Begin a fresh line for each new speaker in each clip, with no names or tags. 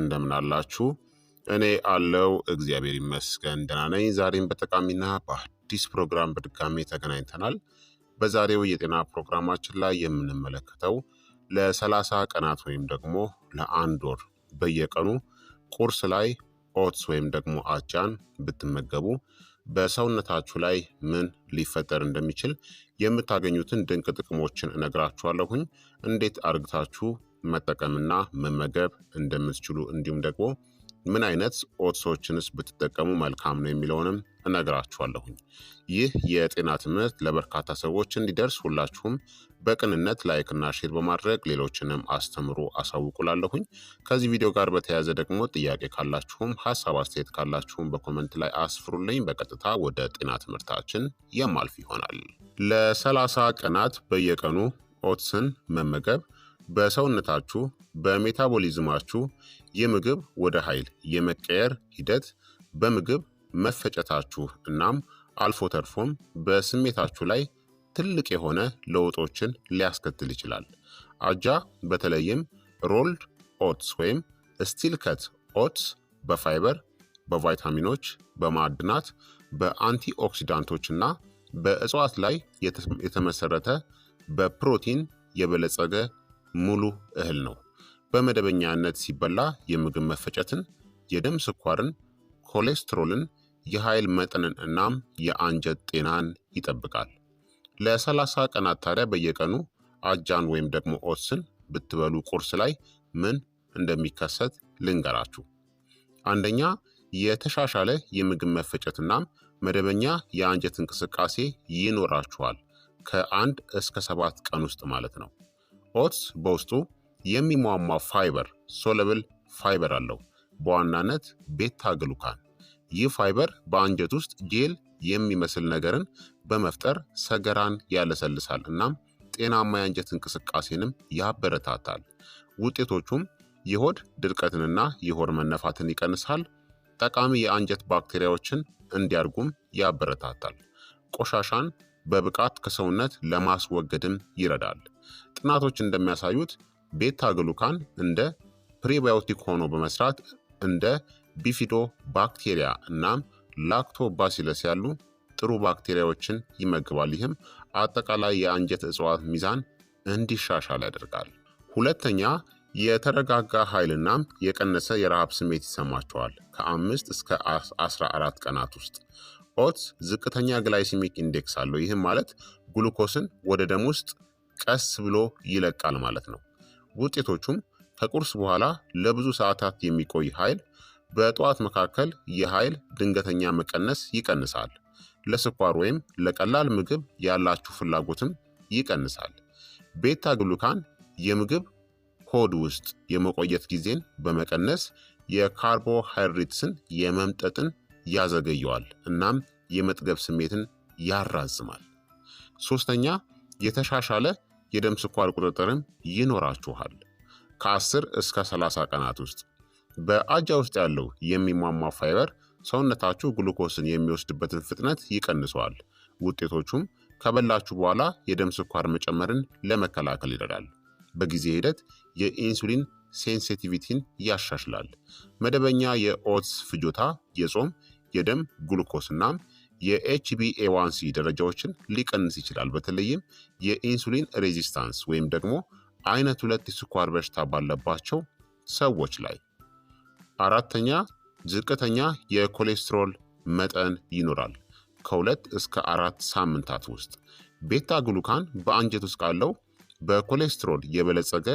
እንደምናላችሁ እኔ አለው እግዚአብሔር ይመስገን ደህና ነኝ። ዛሬም በጠቃሚና በአዲስ ፕሮግራም በድጋሜ ተገናኝተናል። በዛሬው የጤና ፕሮግራማችን ላይ የምንመለከተው ለሰላሳ ቀናት ወይም ደግሞ ለአንድ ወር በየቀኑ ቁርስ ላይ ኦትስ ወይም ደግሞ አጃን ብትመገቡ በሰውነታችሁ ላይ ምን ሊፈጠር እንደሚችል የምታገኙትን ድንቅ ጥቅሞችን እነግራችኋለሁኝ። እንዴት አርግታችሁ መጠቀምና መመገብ እንደምትችሉ እንዲሁም ደግሞ ምን አይነት ኦትሶችንስ ብትጠቀሙ መልካም ነው የሚለውንም እነግራችኋለሁኝ። ይህ የጤና ትምህርት ለበርካታ ሰዎች እንዲደርስ ሁላችሁም በቅንነት ላይክና ሼር በማድረግ ሌሎችንም አስተምሩ አሳውቁላለሁኝ። ከዚህ ቪዲዮ ጋር በተያያዘ ደግሞ ጥያቄ ካላችሁም ሀሳብ አስተያየት ካላችሁም በኮመንት ላይ አስፍሩልኝ። በቀጥታ ወደ ጤና ትምህርታችን የማልፍ ይሆናል። ለሰላሳ ቀናት በየቀኑ ኦትስን መመገብ በሰውነታችሁ በሜታቦሊዝማችሁ የምግብ ወደ ኃይል የመቀየር ሂደት በምግብ መፈጨታችሁ እናም አልፎ ተርፎም በስሜታችሁ ላይ ትልቅ የሆነ ለውጦችን ሊያስከትል ይችላል። አጃ በተለይም ሮልድ ኦትስ ወይም ስቲልከት ኦትስ በፋይበር፣ በቫይታሚኖች፣ በማዕድናት፣ በአንቲኦክሲዳንቶች እና በእጽዋት ላይ የተመሰረተ በፕሮቲን የበለጸገ ሙሉ እህል ነው። በመደበኛነት ሲበላ የምግብ መፈጨትን፣ የደም ስኳርን፣ ኮሌስትሮልን፣ የኃይል መጠንን እናም የአንጀት ጤናን ይጠብቃል። ለ30 ቀናት ታዲያ በየቀኑ አጃን ወይም ደግሞ ኦትስን ብትበሉ ቁርስ ላይ ምን እንደሚከሰት ልንገራችሁ። አንደኛ የተሻሻለ የምግብ መፈጨት እናም መደበኛ የአንጀት እንቅስቃሴ ይኖራችኋል ከአንድ እስከ ሰባት ቀን ውስጥ ማለት ነው። ኦትስ በውስጡ የሚሟሟ ፋይበር ሶለብል ፋይበር አለው፣ በዋናነት ቤታ ግሉካን። ይህ ፋይበር በአንጀት ውስጥ ጄል የሚመስል ነገርን በመፍጠር ሰገራን ያለሰልሳል እናም ጤናማ የአንጀት እንቅስቃሴንም ያበረታታል። ውጤቶቹም የሆድ ድርቀትንና የሆድ መነፋትን ይቀንሳል። ጠቃሚ የአንጀት ባክቴሪያዎችን እንዲያድጉም ያበረታታል። ቆሻሻን በብቃት ከሰውነት ለማስወገድም ይረዳል። ጥናቶች እንደሚያሳዩት ቤታ ግሉካን እንደ ፕሪባዮቲክ ሆኖ በመስራት እንደ ቢፊዶ ባክቴሪያ እናም ላክቶባሲለስ ያሉ ጥሩ ባክቴሪያዎችን ይመግባል። ይህም አጠቃላይ የአንጀት እጽዋት ሚዛን እንዲሻሻል ያደርጋል። ሁለተኛ የተረጋጋ ኃይልናም የቀነሰ የረሃብ ስሜት ይሰማቸዋል ከአምስት እስከ 14 ቀናት ውስጥ። ኦትስ ዝቅተኛ ግላይሲሚክ ኢንዴክስ አለው። ይህም ማለት ግሉኮስን ወደ ደም ውስጥ ቀስ ብሎ ይለቃል ማለት ነው። ውጤቶቹም ከቁርስ በኋላ ለብዙ ሰዓታት የሚቆይ ኃይል፣ በጠዋት መካከል የኃይል ድንገተኛ መቀነስ ይቀንሳል። ለስኳር ወይም ለቀላል ምግብ ያላችሁ ፍላጎትም ይቀንሳል። ቤታ ግሉካን የምግብ ሆድ ውስጥ የመቆየት ጊዜን በመቀነስ የካርቦሃይድሬትስን የመምጠጥን ያዘገየዋል እናም የመጥገብ ስሜትን ያራዝማል። ሶስተኛ የተሻሻለ የደም ስኳር ቁጥጥርም ይኖራችኋል። ከ10 እስከ 30 ቀናት ውስጥ በአጃ ውስጥ ያለው የሚሟሟ ፋይበር ሰውነታችሁ ግሉኮስን የሚወስድበትን ፍጥነት ይቀንሰዋል። ውጤቶቹም ከበላችሁ በኋላ የደም ስኳር መጨመርን ለመከላከል ይረዳል። በጊዜ ሂደት የኢንሱሊን ሴንሲቲቪቲን ያሻሽላል። መደበኛ የኦትስ ፍጆታ የጾም የደም ግሉኮስ የኤችቢኤ ደረጃዎችን ሊቀንስ ይችላል። በተለይም የኢንሱሊን ሬዚስታንስ ወይም ደግሞ አይነት ሁለት የስኳር በሽታ ባለባቸው ሰዎች ላይ። አራተኛ ዝቅተኛ የኮሌስትሮል መጠን ይኖራል ከሁለት እስከ አራት ሳምንታት ውስጥ። ቤታ ግሉካን በአንጀት ውስጥ ካለው በኮሌስትሮል የበለጸገ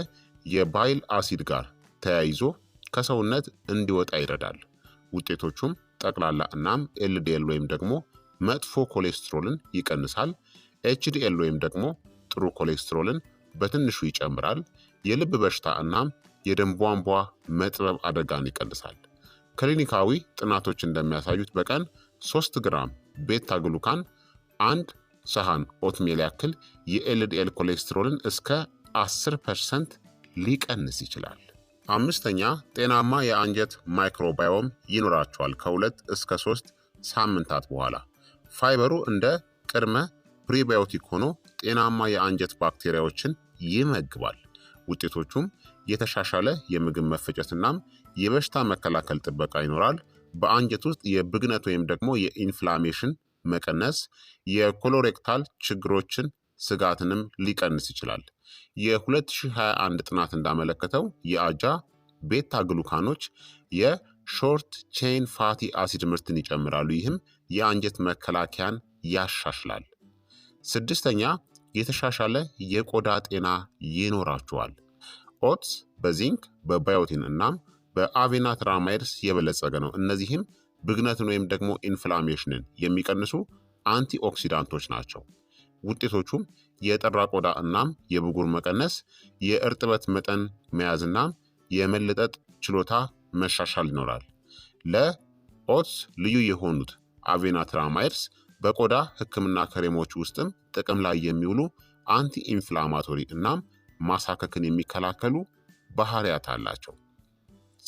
የባይል አሲድ ጋር ተያይዞ ከሰውነት እንዲወጣ ይረዳል። ውጤቶቹም ጠቅላላ እናም ኤልዲኤል ወይም ደግሞ መጥፎ ኮሌስትሮልን ይቀንሳል። ኤችዲኤል ወይም ደግሞ ጥሩ ኮሌስትሮልን በትንሹ ይጨምራል። የልብ በሽታ እናም የደም ቧንቧ መጥበብ አደጋን ይቀንሳል። ክሊኒካዊ ጥናቶች እንደሚያሳዩት በቀን 3 ግራም ቤታ ግሉካን አንድ ሰሃን ኦትሜል ያክል የኤልዲኤል ኮሌስትሮልን እስከ 10 ፐርሰንት ሊቀንስ ይችላል። አምስተኛ ጤናማ የአንጀት ማይክሮባዮም ይኖራቸዋል ከሁለት እስከ ሶስት ሳምንታት በኋላ ፋይበሩ እንደ ቅድመ ፕሪባዮቲክ ሆኖ ጤናማ የአንጀት ባክቴሪያዎችን ይመግባል። ውጤቶቹም የተሻሻለ የምግብ መፈጨትናም የበሽታ መከላከል ጥበቃ ይኖራል። በአንጀት ውስጥ የብግነት ወይም ደግሞ የኢንፍላሜሽን መቀነስ፣ የኮሎሬክታል ችግሮችን ስጋትንም ሊቀንስ ይችላል። የ2021 ጥናት እንዳመለከተው የአጃ ቤታ ግሉካኖች የሾርት ቼን ፋቲ አሲድ ምርትን ይጨምራሉ። ይህም የአንጀት መከላከያን ያሻሽላል። ስድስተኛ የተሻሻለ የቆዳ ጤና ይኖራችኋል። ኦትስ በዚንክ በባዮቲን እናም በአቬና ትራማይድስ የበለጸገ ነው። እነዚህም ብግነትን ወይም ደግሞ ኢንፍላሜሽንን የሚቀንሱ አንቲኦክሲዳንቶች ናቸው። ውጤቶቹም የጠራ ቆዳ እናም የብጉር መቀነስ፣ የእርጥበት መጠን መያዝ እናም የመለጠጥ ችሎታ መሻሻል ይኖራል። ለኦትስ ልዩ የሆኑት አቬናትራማይድስ በቆዳ ህክምና ክሬሞች ውስጥም ጥቅም ላይ የሚውሉ አንቲ ኢንፍላማቶሪ እናም ማሳከክን የሚከላከሉ ባህሪያት አላቸው።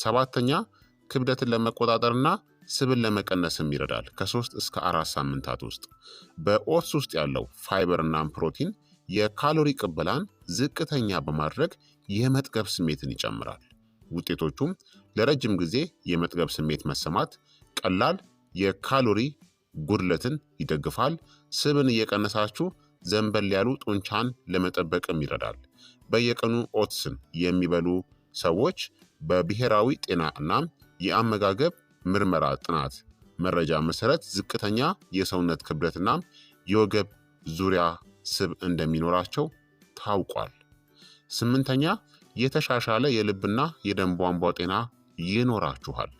ሰባተኛ ክብደትን ለመቆጣጠርና ስብን ለመቀነስም ይረዳል። ከሶስት እስከ አራት ሳምንታት ውስጥ በኦትስ ውስጥ ያለው ፋይበር እናም ፕሮቲን የካሎሪ ቅበላን ዝቅተኛ በማድረግ የመጥገብ ስሜትን ይጨምራል። ውጤቶቹም ለረጅም ጊዜ የመጥገብ ስሜት መሰማት፣ ቀላል የካሎሪ ጉድለትን ይደግፋል። ስብን እየቀነሳችሁ ዘንበል ያሉ ጡንቻን ለመጠበቅም ይረዳል። በየቀኑ ኦትስን የሚበሉ ሰዎች በብሔራዊ ጤና እናም የአመጋገብ ምርመራ ጥናት መረጃ መሰረት ዝቅተኛ የሰውነት ክብደት እናም የወገብ ዙሪያ ስብ እንደሚኖራቸው ታውቋል። ስምንተኛ የተሻሻለ የልብና የደም ቧንቧ ጤና ይኖራችኋል።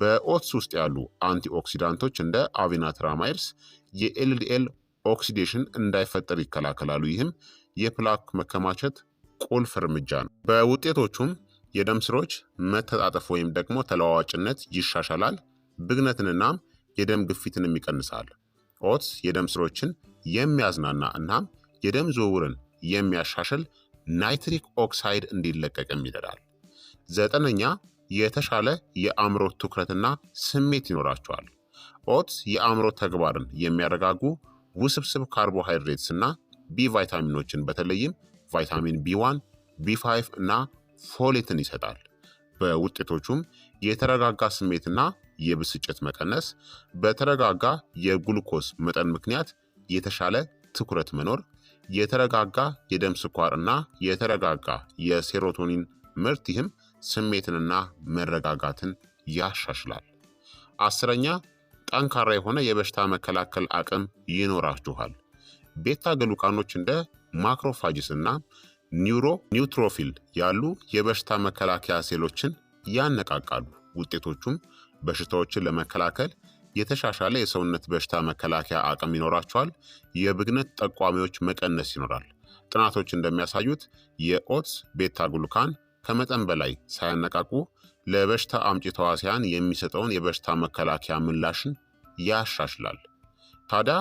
በኦትስ ውስጥ ያሉ አንቲኦክሲዳንቶች እንደ አቪናትራማይርስ የኤልዲኤል ኦክሲዴሽን እንዳይፈጠር ይከላከላሉ። ይህም የፕላክ መከማቸት ቁልፍ እርምጃ ነው። በውጤቶቹም የደም ስሮች መተጣጠፍ ወይም ደግሞ ተለዋዋጭነት ይሻሻላል፣ ብግነትንናም የደም ግፊትንም ይቀንሳል። ኦትስ የደም ስሮችን የሚያዝናና እናም የደም ዝውውርን የሚያሻሽል ናይትሪክ ኦክሳይድ እንዲለቀቅም ይረዳል። ዘጠነኛ የተሻለ የአእምሮ ትኩረትና ስሜት ይኖራቸዋል። ኦትስ የአእምሮ ተግባርን የሚያረጋጉ ውስብስብ ካርቦሃይድሬትስ እና ቢ ቫይታሚኖችን በተለይም ቫይታሚን ቢ1፣ ቢ5 እና ፎሌትን ይሰጣል። በውጤቶቹም የተረጋጋ ስሜትና የብስጭት መቀነስ፣ በተረጋጋ የጉልኮስ መጠን ምክንያት የተሻለ ትኩረት መኖር፣ የተረጋጋ የደም ስኳር እና የተረጋጋ የሴሮቶኒን ምርት ይህም ስሜትንና መረጋጋትን ያሻሽላል። አስረኛ ጠንካራ የሆነ የበሽታ መከላከል አቅም ይኖራችኋል። ቤታ ግሉካኖች እንደ ማክሮፋጅስ እና ኒውሮ ኒውትሮፊል ያሉ የበሽታ መከላከያ ሴሎችን ያነቃቃሉ። ውጤቶቹም በሽታዎችን ለመከላከል የተሻሻለ የሰውነት በሽታ መከላከያ አቅም ይኖራቸዋል። የብግነት ጠቋሚዎች መቀነስ ይኖራል። ጥናቶች እንደሚያሳዩት የኦትስ ቤታ ግሉካን ከመጠን በላይ ሳያነቃቁ ለበሽታ አምጪ ተዋሲያን የሚሰጠውን የበሽታ መከላከያ ምላሽን ያሻሽላል። ታዲያ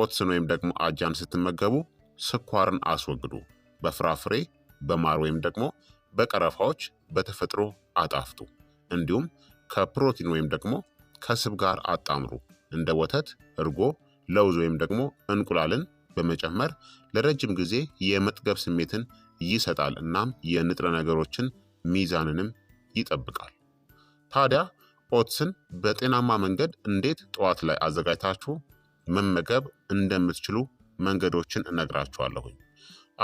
ኦትስን ወይም ደግሞ አጃን ስትመገቡ ስኳርን አስወግዱ። በፍራፍሬ በማር ወይም ደግሞ በቀረፋዎች በተፈጥሮ አጣፍጡ። እንዲሁም ከፕሮቲን ወይም ደግሞ ከስብ ጋር አጣምሩ። እንደ ወተት፣ እርጎ፣ ለውዝ ወይም ደግሞ እንቁላልን በመጨመር ለረጅም ጊዜ የመጥገብ ስሜትን ይሰጣል እናም የንጥረ ነገሮችን ሚዛንንም ይጠብቃል። ታዲያ ኦትስን በጤናማ መንገድ እንዴት ጠዋት ላይ አዘጋጅታችሁ መመገብ እንደምትችሉ መንገዶችን እነግራችኋለሁኝ።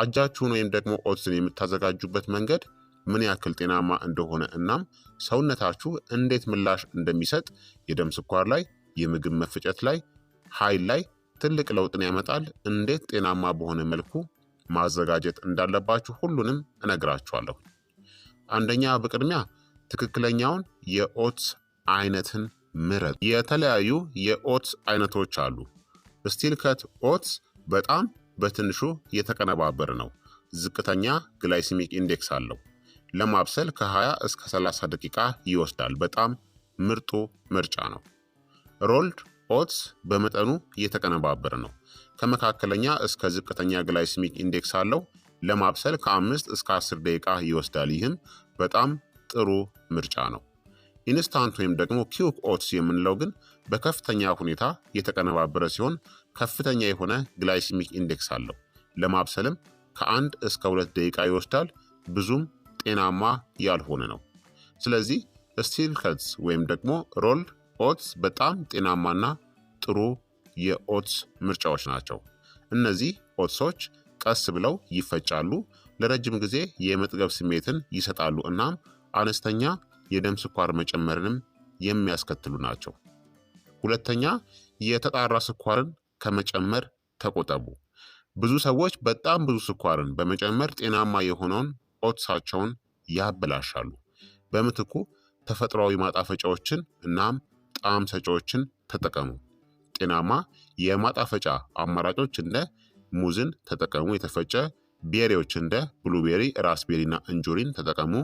አጃችሁን ወይም ደግሞ ኦትስን የምታዘጋጁበት መንገድ ምን ያክል ጤናማ እንደሆነ እናም ሰውነታችሁ እንዴት ምላሽ እንደሚሰጥ የደም ስኳር ላይ፣ የምግብ መፍጨት ላይ፣ ኃይል ላይ ትልቅ ለውጥን ያመጣል። እንዴት ጤናማ በሆነ መልኩ ማዘጋጀት እንዳለባችሁ ሁሉንም እነግራችኋለሁ። አንደኛ፣ በቅድሚያ ትክክለኛውን የኦትስ አይነትን ምረጥ። የተለያዩ የኦትስ አይነቶች አሉ። ስቲል ከት ኦትስ በጣም በትንሹ የተቀነባበረ ነው። ዝቅተኛ ግላይሲሚክ ኢንዴክስ አለው። ለማብሰል ከ20 እስከ 30 ደቂቃ ይወስዳል። በጣም ምርጡ ምርጫ ነው። ሮልድ ኦትስ በመጠኑ የተቀነባበረ ነው። ከመካከለኛ እስከ ዝቅተኛ ግላይስሚክ ኢንዴክስ አለው። ለማብሰል ከአምስት እስከ አስር ደቂቃ ይወስዳል። ይህም በጣም ጥሩ ምርጫ ነው። ኢንስታንት ወይም ደግሞ ኪውክ ኦትስ የምንለው ግን በከፍተኛ ሁኔታ የተቀነባበረ ሲሆን ከፍተኛ የሆነ ግላይሲሚክ ኢንዴክስ አለው። ለማብሰልም ከአንድ እስከ ሁለት ደቂቃ ይወስዳል። ብዙም ጤናማ ያልሆነ ነው። ስለዚህ ስቲልከትስ ወይም ደግሞ ሮል ኦትስ በጣም ጤናማና ጥሩ የኦትስ ምርጫዎች ናቸው። እነዚህ ኦትሶች ቀስ ብለው ይፈጫሉ፣ ለረጅም ጊዜ የመጥገብ ስሜትን ይሰጣሉ እናም አነስተኛ የደም ስኳር መጨመርንም የሚያስከትሉ ናቸው። ሁለተኛ፣ የተጣራ ስኳርን ከመጨመር ተቆጠቡ። ብዙ ሰዎች በጣም ብዙ ስኳርን በመጨመር ጤናማ የሆነውን ኦትሳቸውን ያበላሻሉ። በምትኩ ተፈጥሯዊ ማጣፈጫዎችን እናም ጣዕም ሰጪዎችን ተጠቀሙ። ጤናማ የማጣፈጫ አማራጮች እንደ ሙዝን ተጠቀሙ። የተፈጨ ቤሪዎች እንደ ብሉቤሪ፣ ራስቤሪ እና እንጆሪን ተጠቀሙ።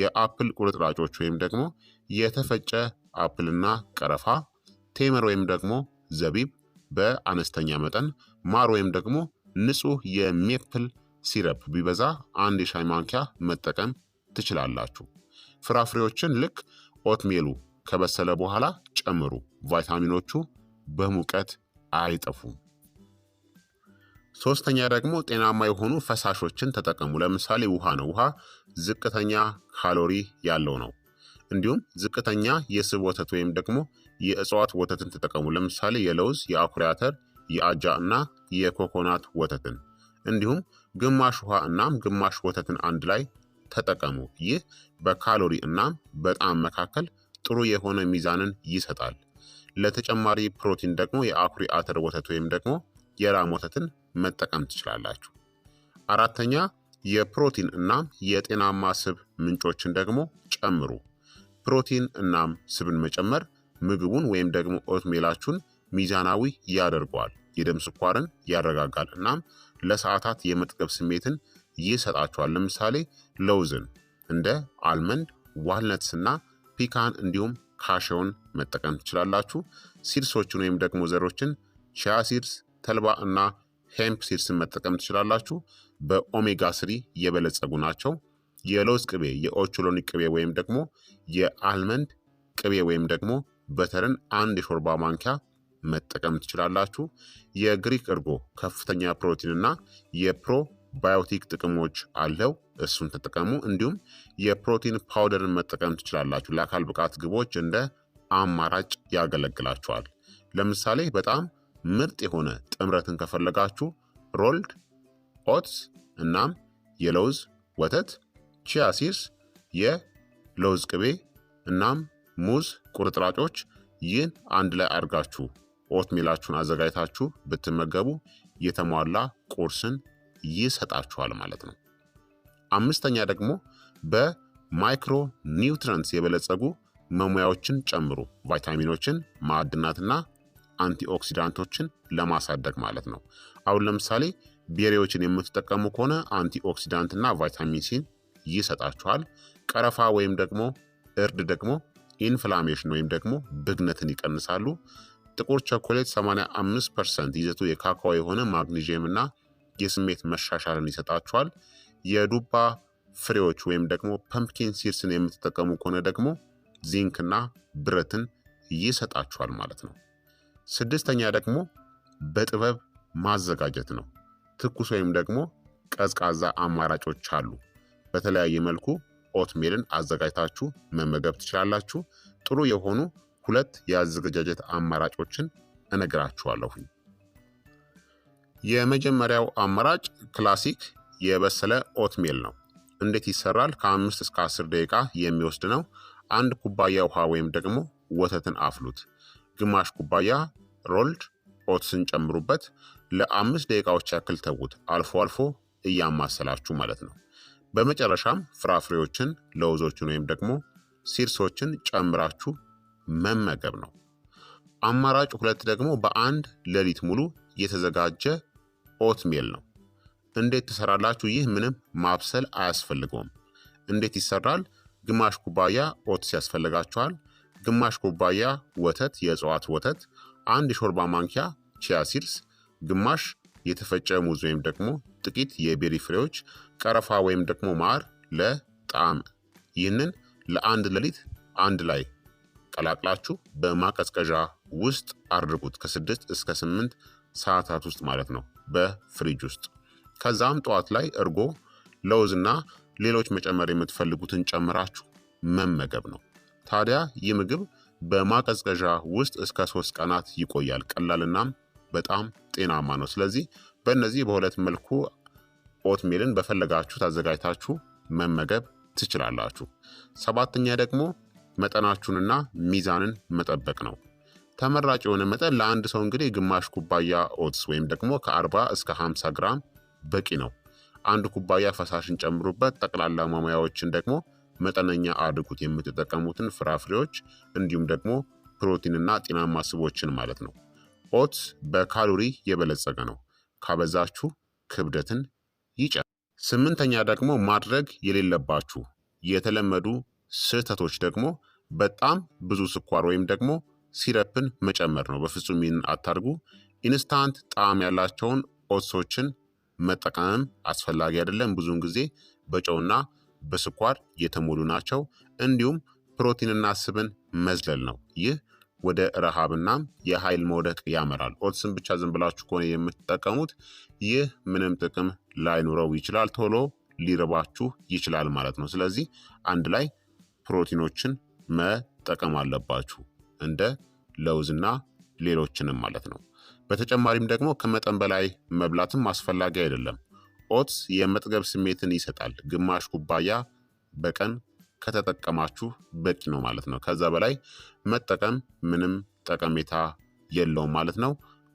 የአፕል ቁርጥራጮች ወይም ደግሞ የተፈጨ አፕልና ቀረፋ፣ ቴምር ወይም ደግሞ ዘቢብ በአነስተኛ መጠን፣ ማር ወይም ደግሞ ንጹህ የሜፕል ሲረፕ ቢበዛ አንድ የሻይ ማንኪያ መጠቀም ትችላላችሁ። ፍራፍሬዎችን ልክ ኦትሜሉ ከበሰለ በኋላ ጨምሩ። ቫይታሚኖቹ በሙቀት አይጠፉም። ሶስተኛ ደግሞ ጤናማ የሆኑ ፈሳሾችን ተጠቀሙ። ለምሳሌ ውሃ ነው። ውሃ ዝቅተኛ ካሎሪ ያለው ነው። እንዲሁም ዝቅተኛ የስብ ወተት ወይም ደግሞ የእጽዋት ወተትን ተጠቀሙ። ለምሳሌ የለውዝ፣ የአኩሪ አተር፣ የአጃ እና የኮኮናት ወተትን እንዲሁም ግማሽ ውሃ እናም ግማሽ ወተትን አንድ ላይ ተጠቀሙ። ይህ በካሎሪ እናም በጣም መካከል ጥሩ የሆነ ሚዛንን ይሰጣል። ለተጨማሪ ፕሮቲን ደግሞ የአኩሪ አተር ወተት ወይም ደግሞ የላም ወተትን መጠቀም ትችላላችሁ። አራተኛ የፕሮቲን እናም የጤናማ ስብ ምንጮችን ደግሞ ጨምሩ። ፕሮቲን እናም ስብን መጨመር ምግቡን ወይም ደግሞ ኦትሜላችሁን ሚዛናዊ ያደርገዋል፣ የደም ስኳርን ያረጋጋል፣ እናም ለሰዓታት የመጥገብ ስሜትን ይሰጣችኋል። ለምሳሌ ለውዝን እንደ አልመንድ ዋልነትስና ፒካን እንዲሁም ካሸውን መጠቀም ትችላላችሁ። ሲድሶችን ወይም ደግሞ ዘሮችን ቺያ ሲድስ፣ ተልባ እና ሄምፕ ሲድስን መጠቀም ትችላላችሁ። በኦሜጋ ስሪ የበለጸጉ ናቸው። የለውዝ ቅቤ፣ የኦቾሎኒ ቅቤ ወይም ደግሞ የአልመንድ ቅቤ ወይም ደግሞ በተርን አንድ የሾርባ ማንኪያ መጠቀም ትችላላችሁ። የግሪክ እርጎ ከፍተኛ ፕሮቲን እና የፕሮባዮቲክ ጥቅሞች አለው። እሱን ተጠቀሙ። እንዲሁም የፕሮቲን ፓውደርን መጠቀም ትችላላችሁ። ለአካል ብቃት ግቦች እንደ አማራጭ ያገለግላችኋል። ለምሳሌ በጣም ምርጥ የሆነ ጥምረትን ከፈለጋችሁ ሮልድ ኦትስ እናም የለውዝ ወተት፣ ቺያ ሲርስ፣ የለውዝ ቅቤ እናም ሙዝ ቁርጥራጮች ይህን አንድ ላይ አድርጋችሁ ኦት ኦትሚላችሁን አዘጋጅታችሁ ብትመገቡ የተሟላ ቁርስን ይሰጣችኋል ማለት ነው። አምስተኛ ደግሞ በማይክሮ ኒውትረንትስ የበለጸጉ መሙያዎችን ጨምሩ ቫይታሚኖችን፣ ማዕድናትና አንቲኦክሲዳንቶችን ለማሳደግ ማለት ነው። አሁን ለምሳሌ ቤሪዎችን የምትጠቀሙ ከሆነ አንቲኦክሲዳንትና ቫይታሚን ሲን ይሰጣችኋል። ቀረፋ ወይም ደግሞ እርድ ደግሞ ኢንፍላሜሽን ወይም ደግሞ ብግነትን ይቀንሳሉ። ጥቁር ቸኮሌት 85 ፐርሰንት ይዘቱ የካካዋ የሆነ ማግኒዥየምና የስሜት መሻሻልን ይሰጣችኋል። የዱባ ፍሬዎች ወይም ደግሞ ፐምፕኪን ሲርስን የምትጠቀሙ ከሆነ ደግሞ ዚንክና ብረትን ይሰጣችኋል ማለት ነው። ስድስተኛ ደግሞ በጥበብ ማዘጋጀት ነው። ትኩስ ወይም ደግሞ ቀዝቃዛ አማራጮች አሉ። በተለያየ መልኩ ኦትሜልን አዘጋጅታችሁ መመገብ ትችላላችሁ። ጥሩ የሆኑ ሁለት የአዘገጃጀት አማራጮችን እነግራችኋለሁኝ። የመጀመሪያው አማራጭ ክላሲክ የበሰለ ኦትሜል ነው። እንዴት ይሰራል? ከአምስት እስከ አስር ደቂቃ የሚወስድ ነው። አንድ ኩባያ ውሃ ወይም ደግሞ ወተትን አፍሉት። ግማሽ ኩባያ ሮልድ ኦትስን ጨምሩበት። ለአምስት ደቂቃዎች ያክል ተዉት፣ አልፎ አልፎ እያማሰላችሁ ማለት ነው። በመጨረሻም ፍራፍሬዎችን፣ ለውዞችን ወይም ደግሞ ሲርሶችን ጨምራችሁ መመገብ ነው። አማራጭ ሁለት ደግሞ በአንድ ሌሊት ሙሉ የተዘጋጀ ኦትሜል ነው። እንዴት ትሰራላችሁ? ይህ ምንም ማብሰል አያስፈልገውም። እንዴት ይሰራል? ግማሽ ኩባያ ኦትስ ያስፈልጋችኋል። ግማሽ ኩባያ ወተት፣ የእጽዋት ወተት፣ አንድ የሾርባ ማንኪያ ቺያ ግማሽ የተፈጨ ሙዝ ወይም ደግሞ ጥቂት የቤሪ ፍሬዎች፣ ቀረፋ ወይም ደግሞ ማር ለጣዕም። ይህንን ለአንድ ሌሊት አንድ ላይ ቀላቅላችሁ በማቀዝቀዣ ውስጥ አድርጉት ከስድስት እስከ ስምንት ሰዓታት ውስጥ ማለት ነው በፍሪጅ ውስጥ ከዛም ጠዋት ላይ እርጎ፣ ለውዝና ሌሎች መጨመር የምትፈልጉትን ጨምራችሁ መመገብ ነው። ታዲያ ይህ ምግብ በማቀዝቀዣ ውስጥ እስከ ሶስት ቀናት ይቆያል። ቀላልናም በጣም ጤናማ ነው። ስለዚህ በእነዚህ በሁለት መልኩ ኦትሜልን በፈለጋችሁ ታዘጋጅታችሁ መመገብ ትችላላችሁ። ሰባተኛ ደግሞ መጠናችሁንና ሚዛንን መጠበቅ ነው። ተመራጭ የሆነ መጠን ለአንድ ሰው እንግዲህ ግማሽ ኩባያ ኦትስ ወይም ደግሞ ከ40 እስከ 50 ግራም በቂ ነው። አንድ ኩባያ ፈሳሽን ጨምሩበት። ጠቅላላ ማሟያዎችን ደግሞ መጠነኛ አድርጉት። የምትጠቀሙትን ፍራፍሬዎች እንዲሁም ደግሞ ፕሮቲንና ጤናማ ስቦችን ማለት ነው። ኦትስ በካሎሪ የበለጸገ ነው። ካበዛችሁ ክብደትን ይጨ ስምንተኛ ደግሞ ማድረግ የሌለባችሁ የተለመዱ ስህተቶች ደግሞ በጣም ብዙ ስኳር ወይም ደግሞ ሲረፕን መጨመር ነው። በፍጹም ይህን አታርጉ። ኢንስታንት ጣዕም ያላቸውን ኦትሶችን መጠቀም አስፈላጊ አይደለም። ብዙውን ጊዜ በጨውና በስኳር የተሞሉ ናቸው። እንዲሁም ፕሮቲንና ስብን መዝለል ነው። ይህ ወደ ረሃብና የኃይል መውደቅ ያመራል። ኦትስን ብቻ ዝም ብላችሁ ከሆነ የምትጠቀሙት ይህ ምንም ጥቅም ላይኖረው ይችላል። ቶሎ ሊርባችሁ ይችላል ማለት ነው። ስለዚህ አንድ ላይ ፕሮቲኖችን መጠቀም አለባችሁ እንደ ለውዝና ሌሎችንም ማለት ነው። በተጨማሪም ደግሞ ከመጠን በላይ መብላትም አስፈላጊ አይደለም። ኦትስ የመጥገብ ስሜትን ይሰጣል። ግማሽ ኩባያ በቀን ከተጠቀማችሁ በቂ ነው ማለት ነው። ከዛ በላይ መጠቀም ምንም ጠቀሜታ የለውም ማለት ነው።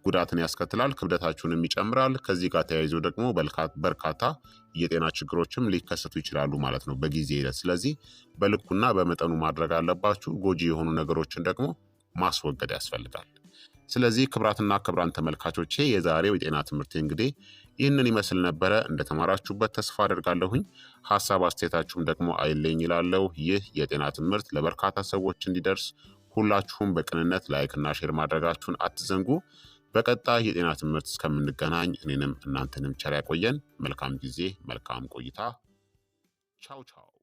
ጉዳትን ያስከትላል፣ ክብደታችሁንም ይጨምራል። ከዚህ ጋር ተያይዞ ደግሞ በርካታ የጤና ችግሮችም ሊከሰቱ ይችላሉ ማለት ነው በጊዜ ሂደት። ስለዚህ በልኩና በመጠኑ ማድረግ አለባችሁ። ጎጂ የሆኑ ነገሮችን ደግሞ ማስወገድ ያስፈልጋል። ስለዚህ ክብራትና ክብራን ተመልካቾቼ የዛሬው የጤና ትምህርቴ እንግዲህ ይህንን ይመስል ነበረ። እንደተማራችሁበት ተስፋ አደርጋለሁኝ። ሀሳብ አስተያየታችሁም ደግሞ አይለኝ ይላለው። ይህ የጤና ትምህርት ለበርካታ ሰዎች እንዲደርስ ሁላችሁም በቅንነት ላይክና ሼር ማድረጋችሁን አትዘንጉ። በቀጣይ የጤና ትምህርት እስከምንገናኝ እኔንም እናንተንም ቸር ያቆየን። መልካም ጊዜ፣ መልካም ቆይታ። ቻው ቻው።